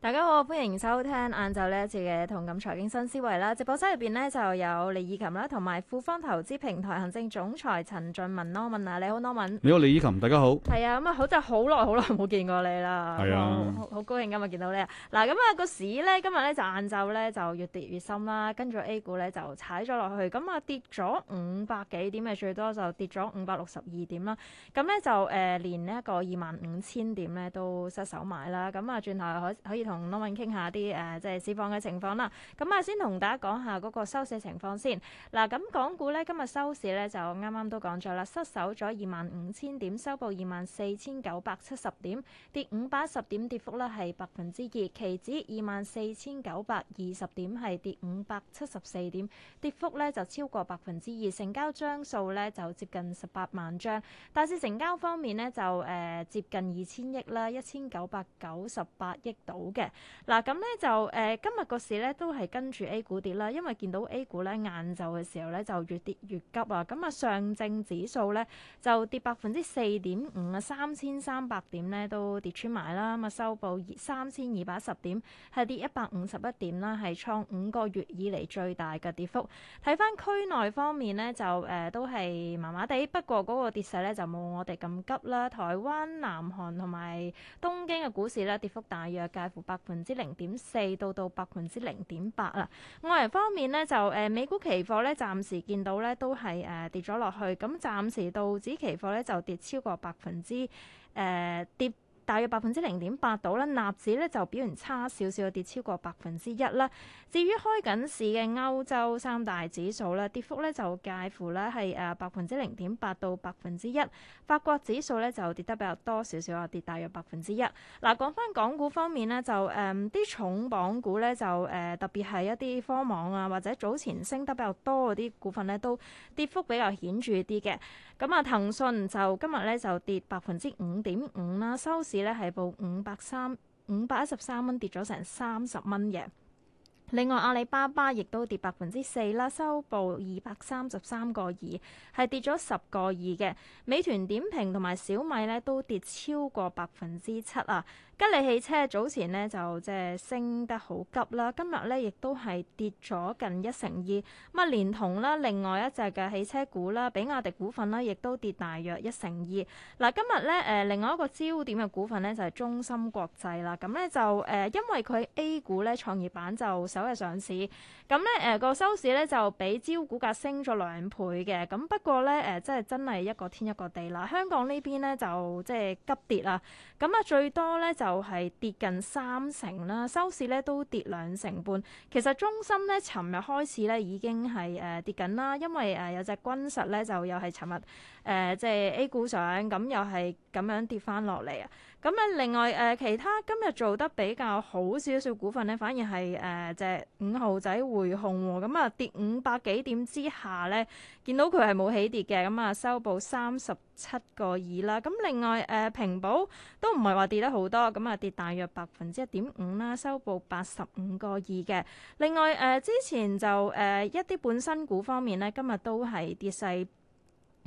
大家好，歡迎收聽晏晝呢一次嘅同感財經新思維啦。直播室入邊呢就有李以琴啦，同埋富方投資平台行政總裁陳俊文，Norman 啊，你好，Norman。你好，李以琴，大家好。係啊，咁啊，真係好耐好耐冇見過你啦。係啊，好、嗯、高興今日見到你啊。嗱，咁啊個市咧今日咧就晏晝咧就越跌越深啦，跟住 A 股咧就踩咗落去，咁啊跌咗五百幾點啊，最多就跌咗五百六十二點啦。咁咧就誒、呃、連呢一個二萬五千點咧都失手買啦。咁啊轉頭可可以。同羅敏傾下啲誒、呃，即係市況嘅情況啦。咁啊，先同大家講下嗰個收市情況先。嗱、啊，咁港股咧今日收市咧就啱啱都講咗啦，失守咗二萬五千點，收報二萬四千九百七十點，跌五百一十點，跌幅咧係百分之二。期指二萬四千九百二十點係跌五百七十四點，跌幅咧就超過百分之二。成交張數咧就接近十八萬張。大市成交方面咧就誒、呃、接近二千億啦，一千九百九十八億度。嘅嗱，咁咧就誒、呃、今日個市咧都係跟住 A 股跌啦，因為見到 A 股咧晏晝嘅時候咧就越跌越急啊！咁啊上證指數咧就跌百分之四點五啊，三千三百點咧都跌穿埋啦，咁啊收報三千二百十點，係跌一百五十一點啦，係創五個月以嚟最大嘅跌幅。睇翻區內方面咧就誒、呃、都係麻麻地，不過嗰個跌勢咧就冇我哋咁急啦。台灣、南韓同埋東京嘅股市咧跌幅大約介乎，百分之零點四到到百分之零點八啦。外人方面咧就誒、呃、美股期貨咧，暫時見到咧都係誒、呃、跌咗落去。咁暫時道指期貨咧就跌超過百分之誒、呃、跌。大約百分之零點八到啦，納指咧就表現差少少，跌超過百分之一啦。至於開緊市嘅歐洲三大指數咧，跌幅咧就介乎咧係誒百分之零點八到百分之一。法國指數咧就跌得比較多少少啊，跌大約百分之一。嗱、啊，講翻港股方面咧，就誒啲、嗯、重磅股咧就誒、呃、特別係一啲科網啊，或者早前升得比較多嗰啲股份咧，都跌幅比較顯著啲嘅。咁啊，騰訊就今日咧就跌百分之五點五啦，收市。係報五百三五百一十三蚊，跌咗成三十蚊嘅。另外，阿里巴巴亦都跌百分之四啦，收報二百三十三個二，係跌咗十個二嘅。美團點評同埋小米咧都跌超過百分之七啊。吉利汽車早前咧就即係升得好急啦，今日咧亦都係跌咗近一成二。咁啊，連同啦，另外一隻嘅汽車股啦，比亞迪股份啦，亦都跌大約一成二。嗱，今日咧誒、呃，另外一個焦點嘅股份咧就係、是、中芯國際啦。咁咧就誒、呃，因為佢 A 股咧創業板就首日上市，咁咧誒個收市咧就比招股價升咗兩倍嘅。咁不過咧誒，即、呃、係真係一個天一個地啦。香港呢邊咧就即係急跌啊。咁啊，最多咧就、就、～、是就係跌近三成啦，收市咧都跌兩成半。其實中芯咧，尋日開始咧已經係誒跌緊啦，因為誒、呃、有隻軍實咧就又係尋日誒、呃、即係 A 股上咁又係咁樣跌翻落嚟啊。咁咧另外誒、呃、其他今日做得比較好少少股份咧，反而係誒隻五號仔匯控咁啊，跌五百幾點之下咧。見到佢係冇起跌嘅咁、嗯、啊，收報三十七個二啦。咁另外誒，平、呃、保都唔係話跌得好多，咁、嗯、啊跌大約百分之一點五啦，收報八十五個二嘅。另外誒、呃，之前就誒、呃、一啲半新股方面呢，今日都係跌勢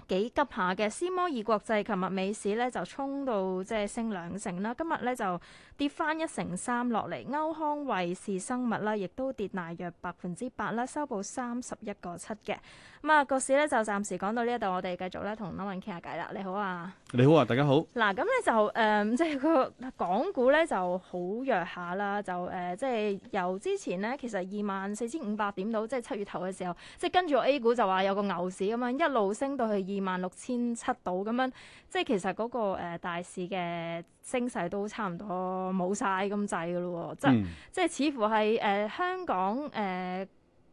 幾急下嘅。思摩爾國際琴日美市呢，就衝到即係升兩成啦，今日咧就跌返一成三落嚟。歐康維視生物啦，亦都跌大約百分之八啦，收報三十一個七嘅。咁啊，個市咧就暫時講到呢一度，我哋繼續咧同阿 Vin 傾下偈啦。你好啊，你好啊，大家好。嗱，咁咧就誒，即係個港股咧就好弱下啦。就誒、呃，即係由之前咧，其實二萬四千五百點到，即係七月頭嘅時候，即係跟住個 A 股就話有個牛市咁樣，一路升到去二萬六千七度咁樣。即係其實嗰個大市嘅升勢都差唔多冇晒咁滯噶咯。即係、嗯、即係似乎係誒、呃、香港誒。呃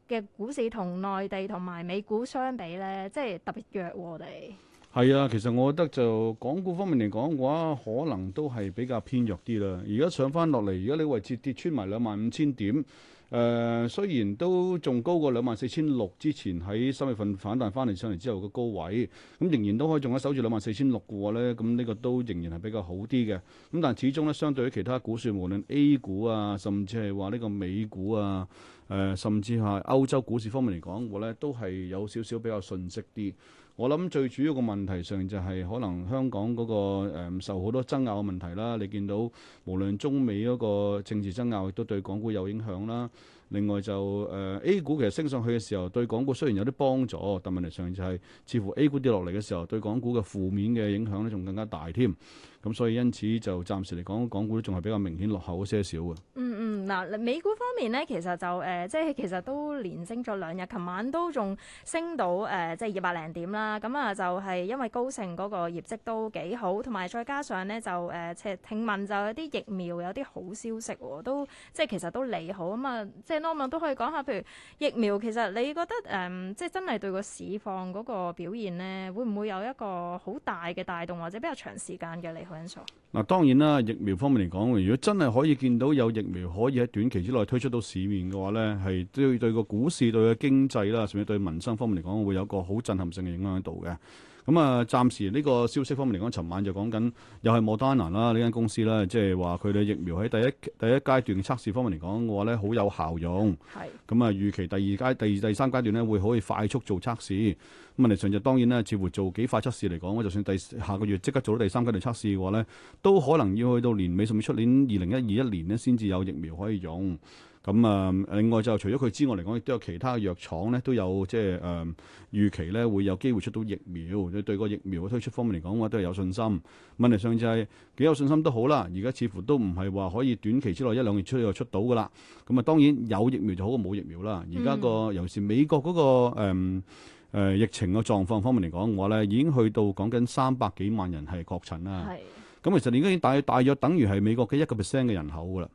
嘅股市同內地同埋美股相比呢，即係特別弱喎、啊，我哋係啊，其實我覺得就港股方面嚟講嘅話，可能都係比較偏弱啲啦。而家上翻落嚟，如果你個位置跌穿埋兩萬五千點。誒、呃、雖然都仲高過兩萬四千六之前喺三月份反彈返嚟上嚟之後嘅高位，咁、嗯、仍然都可以仲喺守住兩萬四千六嘅話呢，咁呢、嗯，這個都仍然係比較好啲嘅。咁、嗯、但係始終呢，相對於其他股市，無論 A 股啊，甚至係話呢個美股啊，誒、呃、甚至係歐洲股市方面嚟講，我呢都係有少少比較遜色啲。我諗最主要個問題上就係可能香港嗰、嗰個、呃、受好多爭拗嘅問題啦，你見到無論中美嗰個政治爭拗亦都對港股有影響啦。另外就誒、呃、A 股其實升上去嘅時候對港股雖然有啲幫助，但問題上就係似乎 A 股跌落嚟嘅時候對港股嘅負面嘅影響咧仲更加大添。咁所以因此就暫時嚟講，港股都仲係比較明顯落後些少嘅。嗯嗯，嗱，美股方面咧，其實就誒，即、呃、係其實都連升咗兩日，琴晚都仲升到誒，即係二百零點啦。咁啊，就係、是嗯就是、因為高盛嗰個業績都幾好，同埋再加上咧就誒、呃，聽聞就有啲疫苗有啲好消息喎，都即係其實都利好啊嘛。即係羅文都可以講下，譬如疫苗，其實你覺得誒，即、呃、係、就是、真係對個市況嗰個表現咧，會唔會有一個好大嘅帶動，或者比較長時間嘅利？嗱，當然啦，疫苗方面嚟講，如果真係可以見到有疫苗可以喺短期之內推出到市面嘅話呢，係都要對個股市、對個經濟啦，甚至對民生方面嚟講，會有一個好震撼性嘅影響喺度嘅。咁啊，暫時呢個消息方面嚟講，尋晚就講緊又係莫丹蘭啦，呢間公司咧，即係話佢哋疫苗喺第一第一階段測試方面嚟講，嘅話呢，好有效用。咁啊是，預期第二階、第二第三階段呢，會可以快速做測試。咁、嗯、啊，嚟上日當然咧，似乎做幾快測試嚟講，我就算第下個月即刻做到第三階段測試嘅話呢，都可能要去到年尾甚至出年二零一二一年呢，先至有疫苗可以用。咁啊、嗯，另外就除咗佢之外嚟講，亦都有其他藥廠咧都有即係誒預期咧會有機會出到疫苗，對個疫苗嘅推出方面嚟講，嘅話都係有信心。問題上就係、是、幾有信心都好啦，而家似乎都唔係話可以短期之內一兩月就出又出到噶啦。咁啊，當然有疫苗就好過冇疫苗啦。而家個、嗯、尤其是美國嗰、那個誒、呃、疫情嘅狀況方面嚟講，嘅話咧已經去到講緊三百幾萬人係確診啦。係是。咁其實已經大大約等於係美國嘅一個 percent 嘅人口噶啦。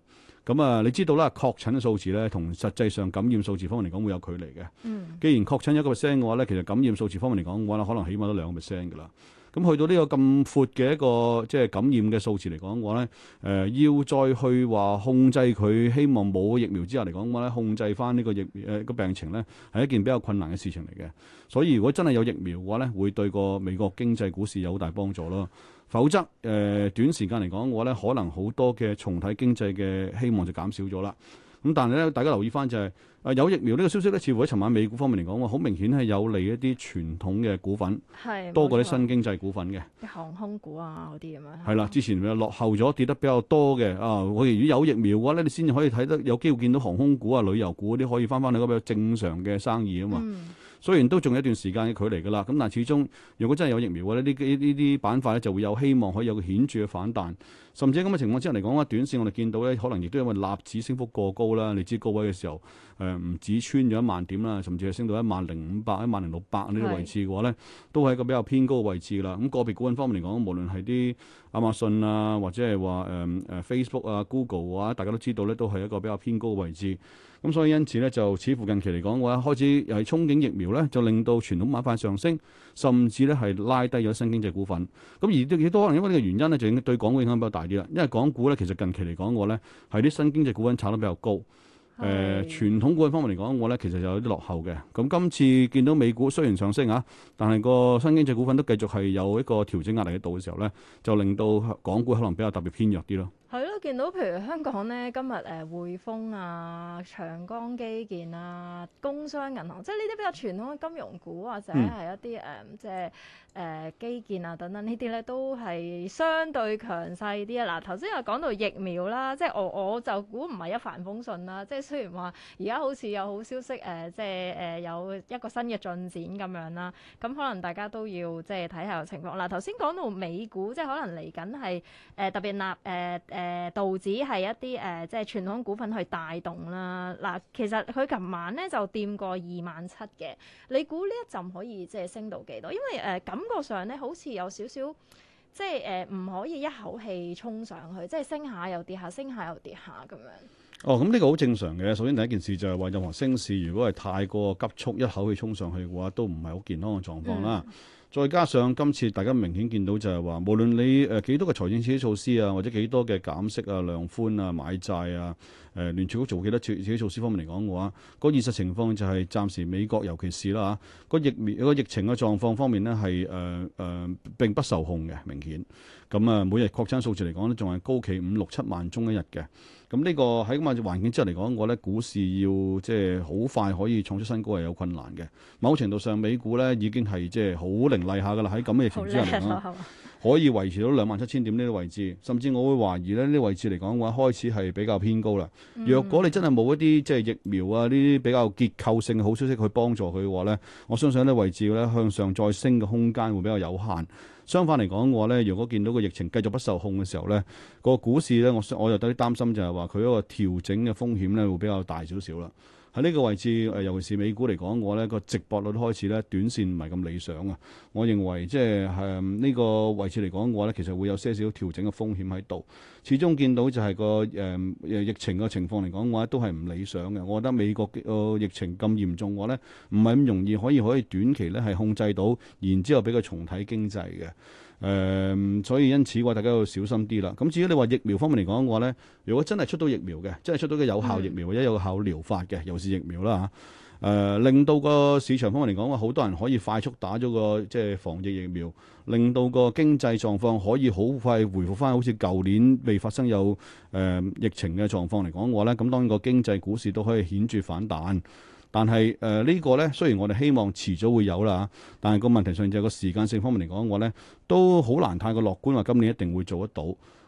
咁啊，你知道啦，確診嘅數字咧，同實際上感染數字方面嚟講，會有距離嘅。嗯，既然確診一個 percent 嘅話咧，其實感染數字方面嚟講，嘅話可能起碼都兩個 percent 㗎啦。咁、嗯、去到呢個咁闊嘅一個即係感染嘅數字嚟講嘅話咧，誒、呃，要再去話控制佢，希望冇疫苗之後嚟講嘅話咧，控制翻呢個疫誒個、呃、病情咧，係一件比較困難嘅事情嚟嘅。所以如果真係有疫苗嘅話咧，會對個美國經濟股市有好大幫助咯。否則，誒、呃、短時間嚟講，我咧可能好多嘅重體經濟嘅希望就減少咗啦。咁但係咧，大家留意翻就係、是，啊、呃、有疫苗呢個消息咧，似乎喺尋晚美股方面嚟講，好明顯係有利一啲傳統嘅股份，是多過啲新經濟股份嘅。航空股啊，嗰啲咁樣。係啦，之前落後咗跌得比較多嘅啊，我哋如果有疫苗嘅話咧，你先至可以睇得有機會見到航空股啊、旅遊股嗰、啊、啲可以翻翻去比較正常嘅生意啊嘛。嗯雖然都仲有一段時間嘅距離㗎啦，咁但係始終如果真係有疫苗嘅咧，呢啲呢啲板塊咧就會有希望可以有個顯著嘅反彈。甚至咁嘅情況之下嚟講，嘅話短線我哋見到咧，可能亦都因為納指升幅過高啦，你知高位嘅時候，誒、呃、唔止穿咗一萬點啦，甚至係升到一萬零五百、一萬零六百呢啲位置嘅話咧，是都係一個比較偏高嘅位置啦。咁、那個別股份方面嚟講，無論係啲亞馬遜啊，或者係話誒誒 Facebook 啊、Google 啊，大家都知道咧，都係一個比較偏高嘅位置。咁所以因此咧，就似乎近期嚟講嘅話，開始又係憧憬疫苗咧，就令到傳統買塊上升，甚至咧係拉低咗新經濟股份。咁而都可能因為呢個原因咧，就應該對港股影響比較大。因為港股咧，其實近期嚟講我咧，係啲新經濟股份炒得比較高。誒是，呃、傳統股份方面嚟講我咧，其實就有啲落後嘅。咁今次見到美股雖然上升啊，但係個新經濟股份都繼續係有一個調整壓力喺度嘅時候咧，就令到港股可能比較特別偏弱啲咯。係咯，見到譬如香港咧，今日誒、呃、匯豐啊、長江基建啊、工商銀行，即係呢啲比較傳統嘅金融股，或者係一啲誒、嗯、即係誒、呃、基建啊等等呢啲咧，都係相對強勢啲啊！嗱，頭先又講到疫苗啦，即係我我就估唔係一帆風順啦。即係雖然話而家好似有好消息誒、呃，即係誒、呃、有一個新嘅進展咁樣啦，咁可能大家都要即係睇下個情況。嗱，頭先講到美股，即係可能嚟緊係誒特別納誒誒。呃呃呃呃呃呃誒，道指係一啲誒、呃，即係傳統股份去帶動啦。嗱，其實佢琴晚咧就掂過二萬七嘅，你估呢一陣可以即係升到幾多？因為誒、呃，感覺上咧好似有少少，即係誒，唔、呃、可以一口氣衝上去，即係升下又跌下，升下又跌下咁樣。哦，咁呢個好正常嘅。首先第一件事就係話任何升市，如果係太過急速，一口氣衝上去嘅話，都唔係好健康嘅狀況啦。嗯再加上今次大家明顯見到就係話，無論你誒、呃、幾多嘅財政刺激措施啊，或者幾多嘅減息啊、量寬啊、買債啊。誒、呃、聯儲局做幾多措？自己措施方面嚟講嘅話，個現實情況就係暫時美國尤其是啦嚇，個疫苗個疫情嘅狀況方面咧，係誒誒並不受控嘅明顯。咁啊每日確診數字嚟講咧，仲係高企五六七萬宗一日嘅。咁呢個喺咁嘅環境之下嚟講，我咧股市要即係好快可以創出新高係有困難嘅。某程度上，美股咧已經係即係好凌厲下噶啦。喺咁嘅情況之下，可以維持到兩萬七千點呢啲位置，甚至我會懷疑咧呢啲位置嚟講嘅話，開始係比較偏高啦。若果你真係冇一啲即係疫苗啊呢啲比較結構性嘅好消息去幫助佢嘅話呢，我相信呢位置咧向上再升嘅空間會比較有限。相反嚟講嘅話呢，如果見到個疫情繼續不受控嘅時候呢，個股市呢，我我又有啲擔心就係話佢一個調整嘅風險呢會比較大少少啦。喺呢個位置，誒尤其是美股嚟講，我咧個值搏率開始咧短線唔係咁理想啊！我認為即係誒呢個位置嚟講嘅話咧，其實會有些少調整嘅風險喺度。始終見到就係個誒、嗯、疫情嘅情況嚟講嘅話，都係唔理想嘅。我覺得美國嘅疫情咁嚴重嘅話，我咧唔係咁容易可以可以短期咧係控制到，然之後俾佢重啟經濟嘅。誒、嗯，所以因此嘅話，大家要小心啲啦。咁至於你話疫苗方面嚟講嘅話呢，如果真係出到疫苗嘅，真係出到嘅有效疫苗或者有效療法嘅又係疫苗啦嚇，誒、嗯、令到個市場方面嚟講嘅話，好多人可以快速打咗個即係防疫疫苗，令到個經濟狀況可以好快回復翻，好似舊年未發生有誒疫情嘅狀況嚟講嘅話呢，咁當然個經濟股市都可以顯著反彈。但係誒、呃這個、呢個咧，雖然我哋希望遲早會有啦，但係個問題上就個時間性方面嚟講，我咧都好難太過樂觀話今年一定會做得到。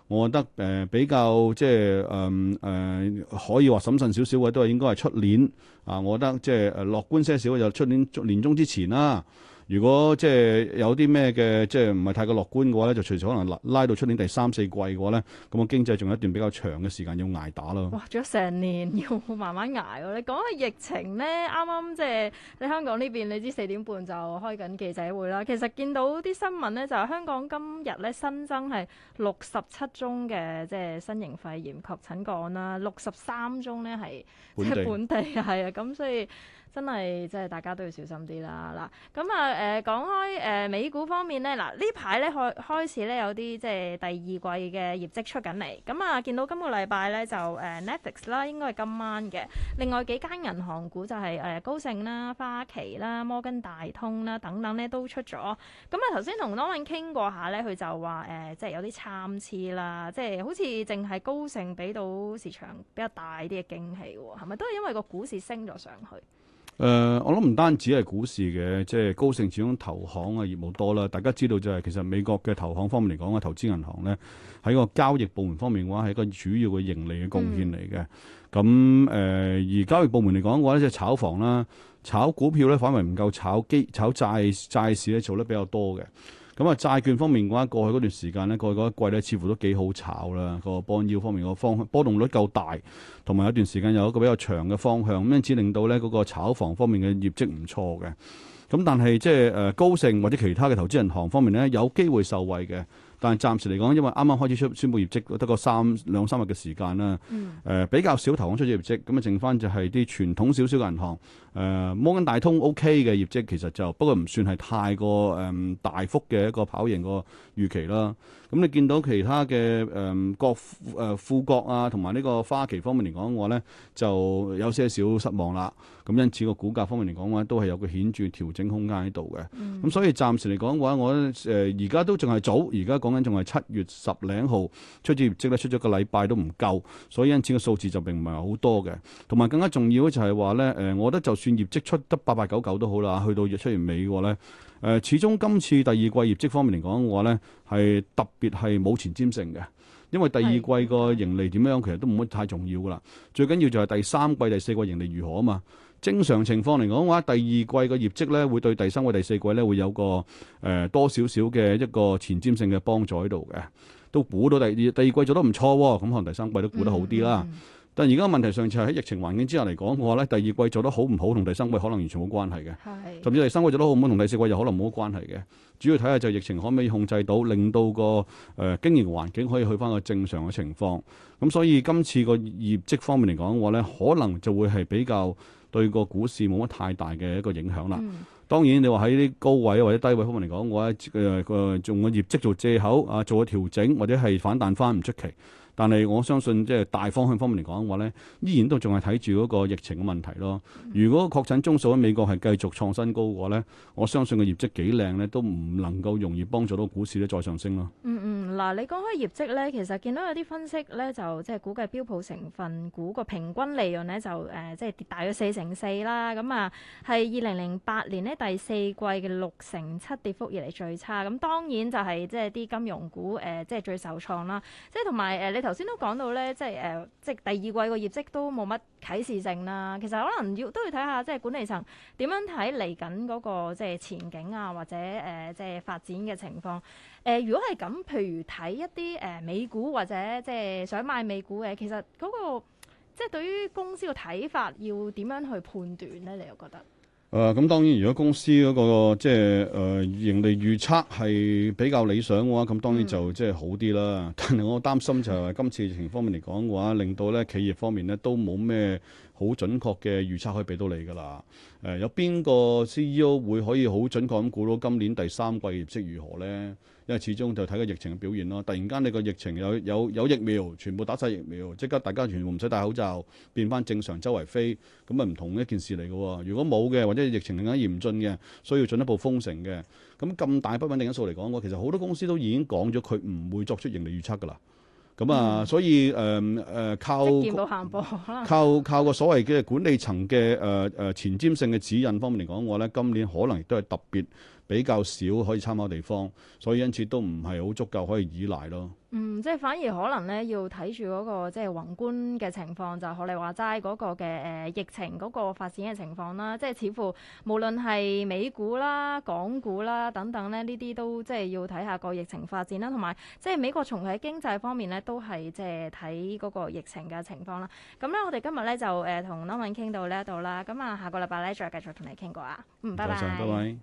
我覺得誒、呃、比較即係誒誒可以話審慎少少嘅，都係應該係出年啊！我覺得即係誒樂觀些少就出年年中之前啦、啊。如果即係有啲咩嘅，即係唔係太過樂觀嘅話咧，就隨時可能拉,拉到出年第三四季嘅話咧，咁啊經濟仲有一段比較長嘅時間要挨打咯。哇！仲有成年要慢慢挨喎。你講下疫情咧，啱啱即係你香港呢邊，你知四點半就開緊記者會啦。其實見到啲新聞咧，就係香港今日咧新增係六十七宗嘅即係新型肺炎確診個案啦，六十三宗咧係即係本地係啊，咁所以真係即係大家都要小心啲啦。嗱咁啊～誒、呃、講開誒、呃、美股方面咧，嗱呢排咧開開始咧有啲即係第二季嘅業績出緊嚟，咁啊見到今個禮拜咧就誒、呃、Netflix 啦，應該係今晚嘅。另外幾間銀行股就係、是、誒、呃、高盛啦、花旗啦、摩根大通啦等等咧都出咗。咁啊頭先同 Norman 傾過下咧，佢就話誒、呃、即係有啲參差啦，即係好似淨係高盛俾到市場比較大啲嘅驚喜喎、啊，係咪都係因為個股市升咗上去？誒、呃，我諗唔單止係股市嘅，即係高盛始終投行嘅業務多啦。大家知道就係，其實美國嘅投行方面嚟講啊，投資銀行呢，喺個交易部門方面嘅話，係一個主要嘅盈利嘅貢獻嚟嘅。咁誒、嗯、呃，而交易部門嚟講嘅話呢即、就是、炒房啦、炒股票呢，反為唔夠炒基、炒債、債市呢，做得比較多嘅。咁啊、嗯，債券方面嘅話，過去嗰段時間呢，過去嗰一季呢，似乎都幾好炒啦。個 bond yield 方面個方向波動率夠大，同埋有段時間有一個比較長嘅方向，因此令到呢嗰個炒房方面嘅業績唔錯嘅。咁、嗯、但係即係誒高盛或者其他嘅投資銀行方面呢，有機會受惠嘅。但係暫時嚟講，因為啱啱開始出宣佈業績，得個三兩三日嘅時間啦。誒、嗯呃、比較少投行出咗業績，咁啊剩翻就係啲傳統少少嘅銀行。誒、呃、摩根大通 OK 嘅業績其實就不過唔算係太過誒、嗯、大幅嘅一個跑贏個預期啦。咁、嗯、你見到其他嘅誒國誒富國啊，同埋呢個花旗方面嚟講嘅話咧，就有些少失望啦。咁因此個股價方面嚟講嘅話，都係有個顯著調整空間喺度嘅。咁、嗯嗯、所以暫時嚟講嘅話，我誒而家都仲係早，而家講緊仲係七月十零號出咗業績咧，出咗個禮拜都唔夠，所以因此個數字就並唔係好多嘅。同埋更加重要嘅就係話咧，誒、呃，我覺得就算業績出得八八九九都好啦，去到月出完尾嘅話咧。誒、呃，始終今次第二季業績方面嚟講嘅話呢，係特別係冇前瞻性嘅，因為第二季個盈利點樣，其實都唔會太重要㗎喇。最緊要就係第三季、第四季盈利如何啊嘛。正常情況嚟講嘅話，第二季個業績呢會對第三季、第四季呢會有個誒、呃、多少少嘅一個前瞻性嘅幫助喺度嘅。都估到第二第二季做得唔錯喎，咁可能第三季都估得好啲啦。嗯嗯嗯但而家問題上就係喺疫情環境之下嚟講，嘅話咧第二季做得好唔好同第三季可能完全冇關係嘅，的甚至第三季做得好唔好同第四季又可能冇關係嘅。主要睇下就係疫情可唔可以控制到，令到個誒、呃、經營環境可以去返個正常嘅情況。咁所以今次個業績方面嚟講，嘅話咧可能就會係比較對個股市冇乜太大嘅一個影響啦。嗯、當然你話喺啲高位或者低位方面嚟講，我誒個、呃、用個業績做藉口啊，做個調整或者係反彈返唔出奇。但係我相信即係大方向方面嚟講嘅話呢，依然都仲係睇住嗰個疫情嘅問題咯。如果確診宗數喺美國係繼續創新高嘅話呢，我相信個業績幾靚呢都唔能夠容易幫助到股市咧再上升咯。嗯嗯，嗱、嗯、你講開業績呢，其實見到有啲分析呢，就即係估計標普成分股個平均利潤呢，就誒、呃、即係跌大約四成四啦。咁啊，係二零零八年呢，第四季嘅六成七跌幅以嚟最差。咁當然就係、是、即係啲金融股誒、呃、即係最受創啦。即係同埋誒你。頭先都講到咧，即係誒、呃，即係第二季個業績都冇乜啟示性啦。其實可能要都要睇下，即係管理層點樣睇嚟緊嗰個即係前景啊，或者誒、呃、即係發展嘅情況。誒、呃，如果係咁，譬如睇一啲誒、呃、美股或者即係想買美股嘅，其實嗰、嗰個即係對於公司嘅睇法要點樣去判斷咧？你又覺得？誒咁、呃、當然，如果公司嗰、那個即係誒盈利預測係比較理想嘅話，咁當然就、嗯、即係好啲啦。但係我擔心就係、話、今次疫情方面嚟講嘅話，令到咧企業方面咧都冇咩。好準確嘅預測可以俾到你㗎啦。誒、呃，有邊個 CEO 會可以好準確咁估到今年第三季嘅業績如何呢？因為始終就睇個疫情嘅表現咯。突然間你個疫情有有有疫苗，全部打晒疫苗，即刻大家全部唔使戴口罩，變翻正常，周圍飛，咁啊唔同一件事嚟㗎。如果冇嘅，或者疫情更加嚴峻嘅，需要進一步封城嘅。咁咁大不穩定因素嚟講，我其實好多公司都已經講咗佢唔會作出盈利預測㗎啦。咁、嗯、啊，所以誒誒、嗯呃、靠，見到行步，靠靠個所謂嘅管理層嘅誒誒前瞻性嘅指引方面嚟講，我咧今年可能亦都係特別，比較少可以參考地方，所以因此都唔係好足夠可以倚賴咯。嗯，即係反而可能咧，要睇住嗰個即係宏觀嘅情況，就學你話齋嗰個嘅誒、呃、疫情嗰個發展嘅情況啦。即係似乎無論係美股啦、港股啦等等咧，呢啲都即係要睇下個疫情發展啦。同埋即係美國從佢經濟方面咧，都係即係睇嗰個疫情嘅情況啦。咁咧，我哋今日咧就誒同俊文傾到呢一度啦。咁啊，下個禮拜咧再繼續同你傾過啊。嗯，拜拜。拜拜。